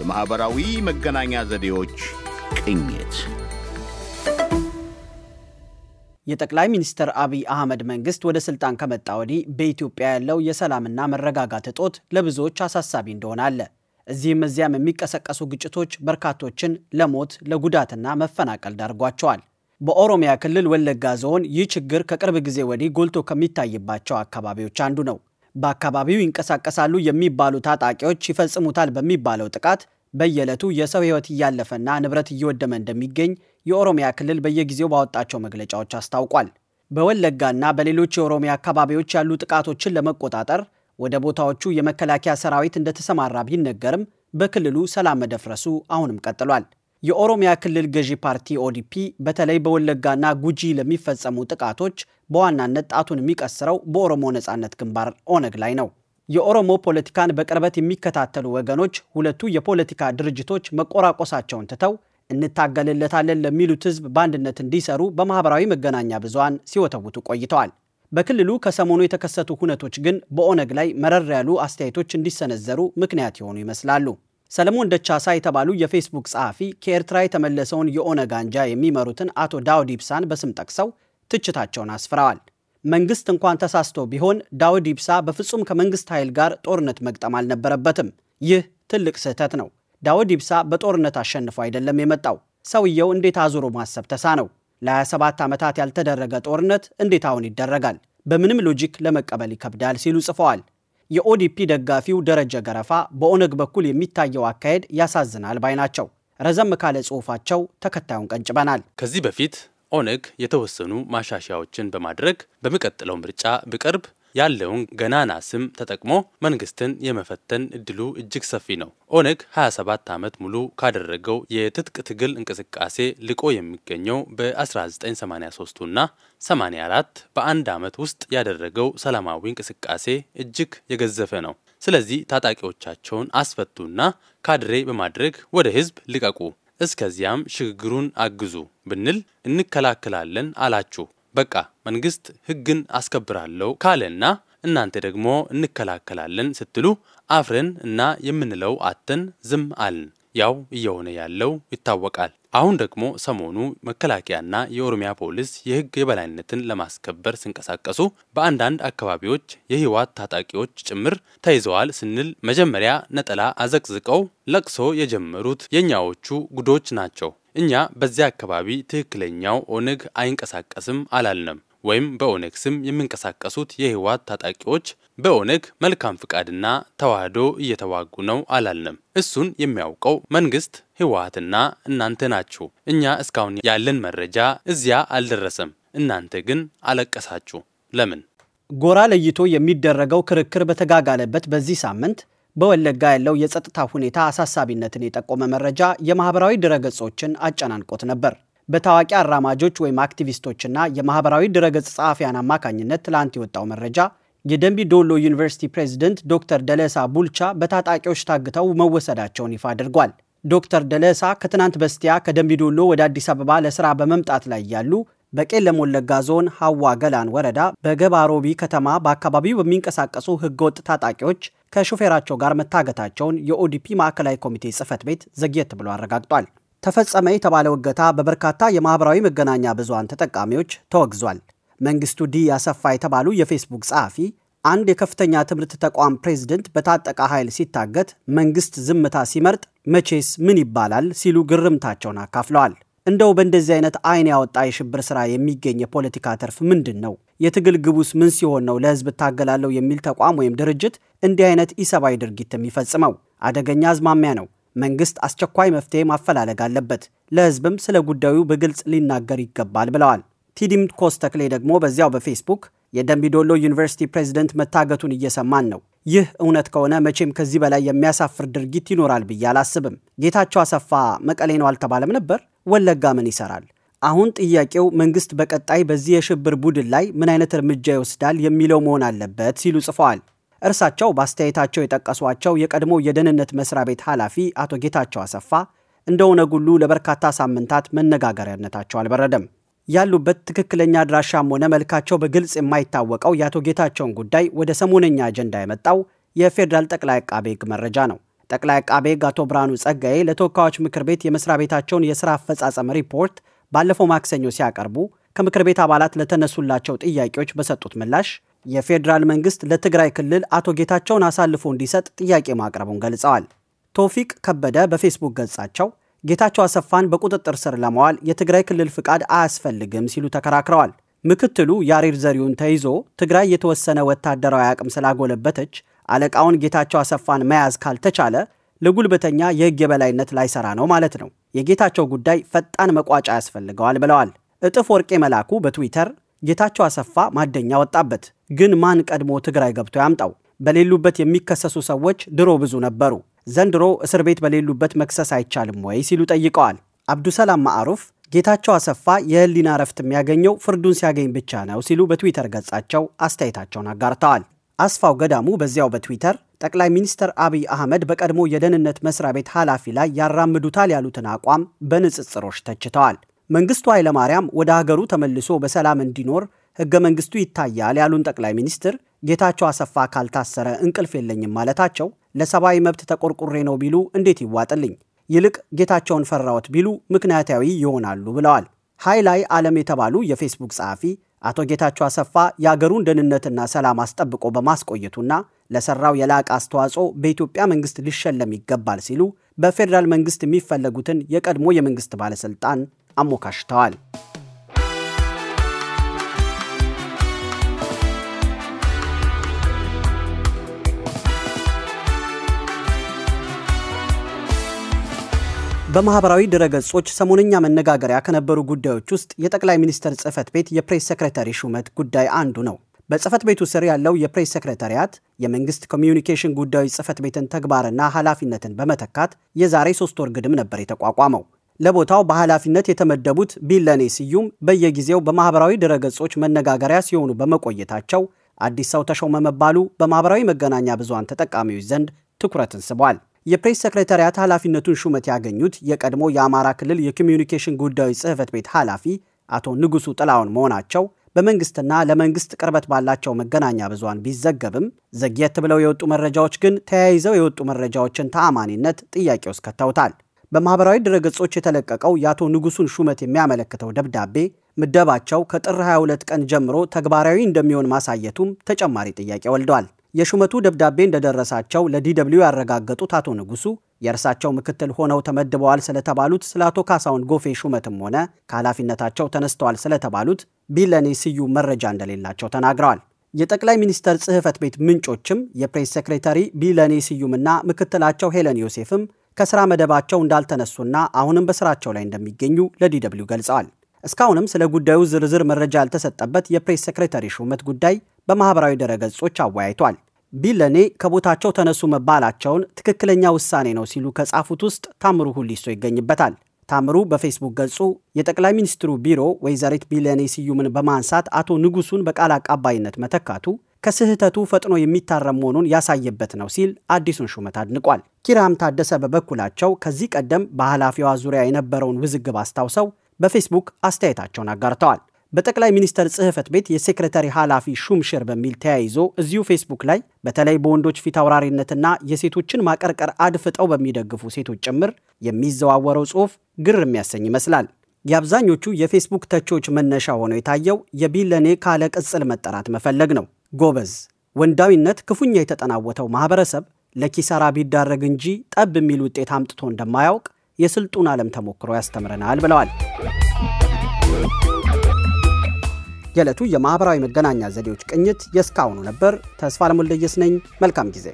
የማኅበራዊ መገናኛ ዘዴዎች ቅኝት የጠቅላይ ሚኒስትር አብይ አህመድ መንግስት ወደ ስልጣን ከመጣ ወዲህ በኢትዮጵያ ያለው የሰላምና መረጋጋት እጦት ለብዙዎች አሳሳቢ እንደሆነ አለ። እዚህም እዚያም የሚቀሰቀሱ ግጭቶች በርካቶችን ለሞት ለጉዳትና መፈናቀል ዳርጓቸዋል። በኦሮሚያ ክልል ወለጋ ዞን ይህ ችግር ከቅርብ ጊዜ ወዲህ ጎልቶ ከሚታይባቸው አካባቢዎች አንዱ ነው። በአካባቢው ይንቀሳቀሳሉ የሚባሉ ታጣቂዎች ይፈጽሙታል በሚባለው ጥቃት በየዕለቱ የሰው ሕይወት እያለፈና ንብረት እየወደመ እንደሚገኝ የኦሮሚያ ክልል በየጊዜው ባወጣቸው መግለጫዎች አስታውቋል። በወለጋና በሌሎች የኦሮሚያ አካባቢዎች ያሉ ጥቃቶችን ለመቆጣጠር ወደ ቦታዎቹ የመከላከያ ሰራዊት እንደተሰማራ ቢነገርም በክልሉ ሰላም መደፍረሱ አሁንም ቀጥሏል። የኦሮሚያ ክልል ገዢ ፓርቲ ኦዲፒ በተለይ በወለጋና ጉጂ ለሚፈጸሙ ጥቃቶች በዋናነት ጣቱን የሚቀስረው በኦሮሞ ነጻነት ግንባር ኦነግ ላይ ነው። የኦሮሞ ፖለቲካን በቅርበት የሚከታተሉ ወገኖች ሁለቱ የፖለቲካ ድርጅቶች መቆራቆሳቸውን ትተው እንታገልለታለን ለሚሉት ህዝብ በአንድነት እንዲሰሩ በማህበራዊ መገናኛ ብዙሃን ሲወተውቱ ቆይተዋል። በክልሉ ከሰሞኑ የተከሰቱ ሁነቶች ግን በኦነግ ላይ መረር ያሉ አስተያየቶች እንዲሰነዘሩ ምክንያት የሆኑ ይመስላሉ። ሰለሞን ደቻሳ የተባሉ የፌስቡክ ጸሐፊ ከኤርትራ የተመለሰውን የኦነግ አንጃ የሚመሩትን አቶ ዳውድ ኢብሳን በስም ጠቅሰው ትችታቸውን አስፍረዋል። መንግስት እንኳን ተሳስቶ ቢሆን ዳውድ ኢብሳ በፍጹም ከመንግስት ኃይል ጋር ጦርነት መግጠም አልነበረበትም። ይህ ትልቅ ስህተት ነው። ዳውድ ኢብሳ በጦርነት አሸንፎ አይደለም የመጣው። ሰውየው እንዴት አዙሮ ማሰብ ተሳነው? ለ27 ዓመታት ያልተደረገ ጦርነት እንዴት አሁን ይደረጋል? በምንም ሎጂክ ለመቀበል ይከብዳል ሲሉ ጽፈዋል። የኦዲፒ ደጋፊው ደረጀ ገረፋ በኦነግ በኩል የሚታየው አካሄድ ያሳዝናል ባይ ናቸው። ረዘም ካለ ጽሑፋቸው ተከታዩን ቀንጭበናል። ከዚህ በፊት ኦነግ የተወሰኑ ማሻሻያዎችን በማድረግ በሚቀጥለው ምርጫ ብቀርብ? ያለውን ገናና ስም ተጠቅሞ መንግስትን የመፈተን እድሉ እጅግ ሰፊ ነው። ኦነግ 27 ዓመት ሙሉ ካደረገው የትጥቅ ትግል እንቅስቃሴ ልቆ የሚገኘው በ 1983 ና 84 በአንድ ዓመት ውስጥ ያደረገው ሰላማዊ እንቅስቃሴ እጅግ የገዘፈ ነው። ስለዚህ ታጣቂዎቻቸውን አስፈቱና ካድሬ በማድረግ ወደ ህዝብ ልቀቁ፣ እስከዚያም ሽግግሩን አግዙ ብንል እንከላከላለን አላችሁ። በቃ መንግስት ህግን አስከብራለሁ ካለና እናንተ ደግሞ እንከላከላለን ስትሉ አፍረን እና የምንለው አተን ዝም አልን። ያው እየሆነ ያለው ይታወቃል። አሁን ደግሞ ሰሞኑ መከላከያና የኦሮሚያ ፖሊስ የህግ የበላይነትን ለማስከበር ሲንቀሳቀሱ በአንዳንድ አካባቢዎች የህወሓት ታጣቂዎች ጭምር ተይዘዋል ስንል መጀመሪያ ነጠላ አዘቅዝቀው ለቅሶ የጀመሩት የእኛዎቹ ጉዶች ናቸው። እኛ በዚያ አካባቢ ትክክለኛው ኦነግ አይንቀሳቀስም አላልንም ወይም በኦነግ ስም የሚንቀሳቀሱት የህወሓት ታጣቂዎች በኦነግ መልካም ፍቃድና ተዋህዶ እየተዋጉ ነው አላልንም። እሱን የሚያውቀው መንግስት፣ ህወሓትና እናንተ ናችሁ። እኛ እስካሁን ያለን መረጃ እዚያ አልደረሰም። እናንተ ግን አለቀሳችሁ። ለምን? ጎራ ለይቶ የሚደረገው ክርክር በተጋጋለበት በዚህ ሳምንት በወለጋ ያለው የጸጥታ ሁኔታ አሳሳቢነትን የጠቆመ መረጃ የማህበራዊ ድረገጾችን አጨናንቆት ነበር። በታዋቂ አራማጆች ወይም አክቲቪስቶችና የማህበራዊ ድረገጽ ጸሐፊያን አማካኝነት ትላንት የወጣው መረጃ የደንቢ ዶሎ ዩኒቨርሲቲ ፕሬዝደንት ዶክተር ደለሳ ቡልቻ በታጣቂዎች ታግተው መወሰዳቸውን ይፋ አድርጓል። ዶክተር ደለሳ ከትናንት በስቲያ ከደንቢ ዶሎ ወደ አዲስ አበባ ለስራ በመምጣት ላይ ያሉ በቄለም ወለጋ ዞን ሀዋ ገላን ወረዳ በገባሮቢ ከተማ በአካባቢው በሚንቀሳቀሱ ህገወጥ ታጣቂዎች ከሹፌራቸው ጋር መታገታቸውን የኦዲፒ ማዕከላዊ ኮሚቴ ጽህፈት ቤት ዘግየት ብሎ አረጋግጧል። ተፈጸመ የተባለው እገታ በበርካታ የማኅበራዊ መገናኛ ብዙሃን ተጠቃሚዎች ተወግዟል። መንግስቱ ዲ ያሰፋ የተባሉ የፌስቡክ ጸሐፊ አንድ የከፍተኛ ትምህርት ተቋም ፕሬዝደንት በታጠቀ ኃይል ሲታገት መንግስት ዝምታ ሲመርጥ መቼስ ምን ይባላል ሲሉ ግርምታቸውን አካፍለዋል። እንደው በእንደዚህ አይነት አይን ያወጣ የሽብር ሥራ የሚገኝ የፖለቲካ ትርፍ ምንድን ነው? የትግል ግቡስ ምን ሲሆን ነው ለህዝብ እታገላለሁ የሚል ተቋም ወይም ድርጅት እንዲህ አይነት ኢሰብአዊ ድርጊት የሚፈጽመው? አደገኛ አዝማሚያ ነው። መንግስት አስቸኳይ መፍትሄ ማፈላለግ አለበት፣ ለህዝብም ስለ ጉዳዩ በግልጽ ሊናገር ይገባል ብለዋል። ቲዲምኮስ ተክሌ ደግሞ በዚያው በፌስቡክ የደምቢዶሎ ዩኒቨርሲቲ ፕሬዝደንት መታገቱን እየሰማን ነው። ይህ እውነት ከሆነ መቼም ከዚህ በላይ የሚያሳፍር ድርጊት ይኖራል ብዬ አላስብም። ጌታቸው አሰፋ መቀሌ ነው አልተባለም ነበር? ወለጋ ምን ይሰራል? አሁን ጥያቄው መንግስት በቀጣይ በዚህ የሽብር ቡድን ላይ ምን አይነት እርምጃ ይወስዳል የሚለው መሆን አለበት ሲሉ ጽፈዋል። እርሳቸው በአስተያየታቸው የጠቀሷቸው የቀድሞ የደህንነት መስሪያ ቤት ኃላፊ አቶ ጌታቸው አሰፋ እንደሆነ ጉሉ ለበርካታ ሳምንታት መነጋገሪያነታቸው አልበረደም። ያሉበት ትክክለኛ አድራሻም ሆነ መልካቸው በግልጽ የማይታወቀው የአቶ ጌታቸውን ጉዳይ ወደ ሰሞነኛ አጀንዳ የመጣው የፌዴራል ጠቅላይ አቃቤ ሕግ መረጃ ነው። ጠቅላይ አቃቤ ሕግ አቶ ብርሃኑ ጸጋዬ ለተወካዮች ምክር ቤት የመስሪያ ቤታቸውን የሥራ አፈጻጸም ሪፖርት ባለፈው ማክሰኞ ሲያቀርቡ ከምክር ቤት አባላት ለተነሱላቸው ጥያቄዎች በሰጡት ምላሽ የፌዴራል መንግስት ለትግራይ ክልል አቶ ጌታቸውን አሳልፎ እንዲሰጥ ጥያቄ ማቅረቡን ገልጸዋል። ቶፊቅ ከበደ በፌስቡክ ገጻቸው ጌታቸው አሰፋን በቁጥጥር ስር ለማዋል የትግራይ ክልል ፍቃድ አያስፈልግም ሲሉ ተከራክረዋል። ምክትሉ ያሬድ ዘሪሁን ተይዞ ትግራይ የተወሰነ ወታደራዊ አቅም ስላጎለበተች አለቃውን ጌታቸው አሰፋን መያዝ ካልተቻለ ለጉልበተኛ የህግ የበላይነት ላይሰራ ነው ማለት ነው። የጌታቸው ጉዳይ ፈጣን መቋጫ ያስፈልገዋል ብለዋል። እጥፍ ወርቄ መላኩ በትዊተር ጌታቸው አሰፋ ማደኛ ወጣበት፣ ግን ማን ቀድሞ ትግራይ ገብቶ ያምጣው? በሌሉበት የሚከሰሱ ሰዎች ድሮ ብዙ ነበሩ። ዘንድሮ እስር ቤት በሌሉበት መክሰስ አይቻልም ወይ ሲሉ ጠይቀዋል። አብዱሰላም ማዕሩፍ ጌታቸው አሰፋ የህሊና ረፍት የሚያገኘው ፍርዱን ሲያገኝ ብቻ ነው ሲሉ በትዊተር ገጻቸው አስተያየታቸውን አጋርተዋል። አስፋው ገዳሙ በዚያው በትዊተር ጠቅላይ ሚኒስትር አብይ አህመድ በቀድሞ የደህንነት መስሪያ ቤት ኃላፊ ላይ ያራምዱታል ያሉትን አቋም በንጽጽሮች ተችተዋል። መንግስቱ ኃይለማርያም ወደ ሀገሩ ተመልሶ በሰላም እንዲኖር ህገ መንግስቱ ይታያል ያሉን ጠቅላይ ሚኒስትር ጌታቸው አሰፋ ካልታሰረ እንቅልፍ የለኝም ማለታቸው ለሰብአዊ መብት ተቆርቁሬ ነው ቢሉ እንዴት ይዋጥልኝ? ይልቅ ጌታቸውን ፈራወት ቢሉ ምክንያታዊ ይሆናሉ ብለዋል። ሀይ ላይ ዓለም የተባሉ የፌስቡክ ጸሐፊ አቶ ጌታቸው አሰፋ የአገሩን ደህንነትና ሰላም አስጠብቆ በማስቆየቱና ለሰራው የላቀ አስተዋጽኦ በኢትዮጵያ መንግስት ሊሸለም ይገባል ሲሉ በፌዴራል መንግስት የሚፈለጉትን የቀድሞ የመንግስት ባለሥልጣን አሞካሽተዋል። በማህበራዊ ድረገጾች ሰሞነኛ መነጋገሪያ ከነበሩ ጉዳዮች ውስጥ የጠቅላይ ሚኒስትር ጽህፈት ቤት የፕሬስ ሴክሬታሪ ሹመት ጉዳይ አንዱ ነው። በጽህፈት ቤቱ ስር ያለው የፕሬስ ሴክሬታሪያት የመንግስት ኮሚዩኒኬሽን ጉዳዮች ጽህፈት ቤትን ተግባርና ኃላፊነትን በመተካት የዛሬ ሶስት ወር ግድም ነበር የተቋቋመው። ለቦታው በኃላፊነት የተመደቡት ቢለኔ ስዩም በየጊዜው በማኅበራዊ ድረገጾች መነጋገሪያ ሲሆኑ በመቆየታቸው አዲስ ሰው ተሾመ መባሉ በማኅበራዊ መገናኛ ብዙሃን ተጠቃሚዎች ዘንድ ትኩረትን ስቧል። የፕሬስ ሴክሬታሪያት ኃላፊነቱን ሹመት ያገኙት የቀድሞ የአማራ ክልል የኮሚዩኒኬሽን ጉዳዮች ጽህፈት ቤት ኃላፊ አቶ ንጉሱ ጥላውን መሆናቸው በመንግስትና ለመንግስት ቅርበት ባላቸው መገናኛ ብዙሃን ቢዘገብም ዘግየት ብለው የወጡ መረጃዎች ግን ተያይዘው የወጡ መረጃዎችን ተአማኒነት ጥያቄ ውስጥ ከተውታል። በማህበራዊ ድረገጾች የተለቀቀው የአቶ ንጉሱን ሹመት የሚያመለክተው ደብዳቤ ምደባቸው ከጥር 22 ቀን ጀምሮ ተግባራዊ እንደሚሆን ማሳየቱም ተጨማሪ ጥያቄ ወልደዋል። የሹመቱ ደብዳቤ እንደደረሳቸው ለዲደብሊው ያረጋገጡት አቶ ንጉሱ የእርሳቸው ምክትል ሆነው ተመድበዋል ስለተባሉት ስለ አቶ ካሳውን ጎፌ ሹመትም ሆነ ከኃላፊነታቸው ተነስተዋል ስለተባሉት ቢለኔ ስዩም መረጃ እንደሌላቸው ተናግረዋል። የጠቅላይ ሚኒስተር ጽህፈት ቤት ምንጮችም የፕሬስ ሴክሬታሪ ቢለኔ ስዩምና ምክትላቸው ሄለን ዮሴፍም ከስራ መደባቸው እንዳልተነሱና አሁንም በስራቸው ላይ እንደሚገኙ ለዲደብሊው ገልጸዋል። እስካሁንም ስለ ጉዳዩ ዝርዝር መረጃ ያልተሰጠበት የፕሬስ ሴክሬታሪ ሹመት ጉዳይ በማኅበራዊ ድረገጾች አወያይቷል። ቢለኔ ከቦታቸው ተነሱ መባላቸውን ትክክለኛ ውሳኔ ነው ሲሉ ከጻፉት ውስጥ ታምሩ ሁሊሶ ይገኝበታል። ታምሩ በፌስቡክ ገጹ የጠቅላይ ሚኒስትሩ ቢሮ ወይዘሪት ቢለኔ ስዩምን በማንሳት አቶ ንጉሱን በቃል አቃባይነት መተካቱ ከስህተቱ ፈጥኖ የሚታረም መሆኑን ያሳየበት ነው ሲል አዲሱን ሹመት አድንቋል። ኪራም ታደሰ በበኩላቸው ከዚህ ቀደም በኃላፊዋ ዙሪያ የነበረውን ውዝግብ አስታውሰው በፌስቡክ አስተያየታቸውን አጋርተዋል። በጠቅላይ ሚኒስተር ጽህፈት ቤት የሴክሬታሪ ኃላፊ ሹምሽር በሚል ተያይዞ እዚሁ ፌስቡክ ላይ በተለይ በወንዶች ፊት አውራሪነትና የሴቶችን ማቀርቀር አድፍጠው በሚደግፉ ሴቶች ጭምር የሚዘዋወረው ጽሑፍ ግር የሚያሰኝ ይመስላል። የአብዛኞቹ የፌስቡክ ተቾች መነሻ ሆነው የታየው የቢለኔ ካለ ቅጽል መጠራት መፈለግ ነው። ጎበዝ ወንዳዊነት ክፉኛ የተጠናወተው ማህበረሰብ ለኪሳራ ቢዳረግ እንጂ ጠብ የሚል ውጤት አምጥቶ እንደማያውቅ የስልጡን ዓለም ተሞክሮ ያስተምረናል ብለዋል። የዕለቱ የማኅበራዊ መገናኛ ዘዴዎች ቅኝት የእስካሁኑ ነበር። ተስፋ ለሞልደየስ ነኝ። መልካም ጊዜ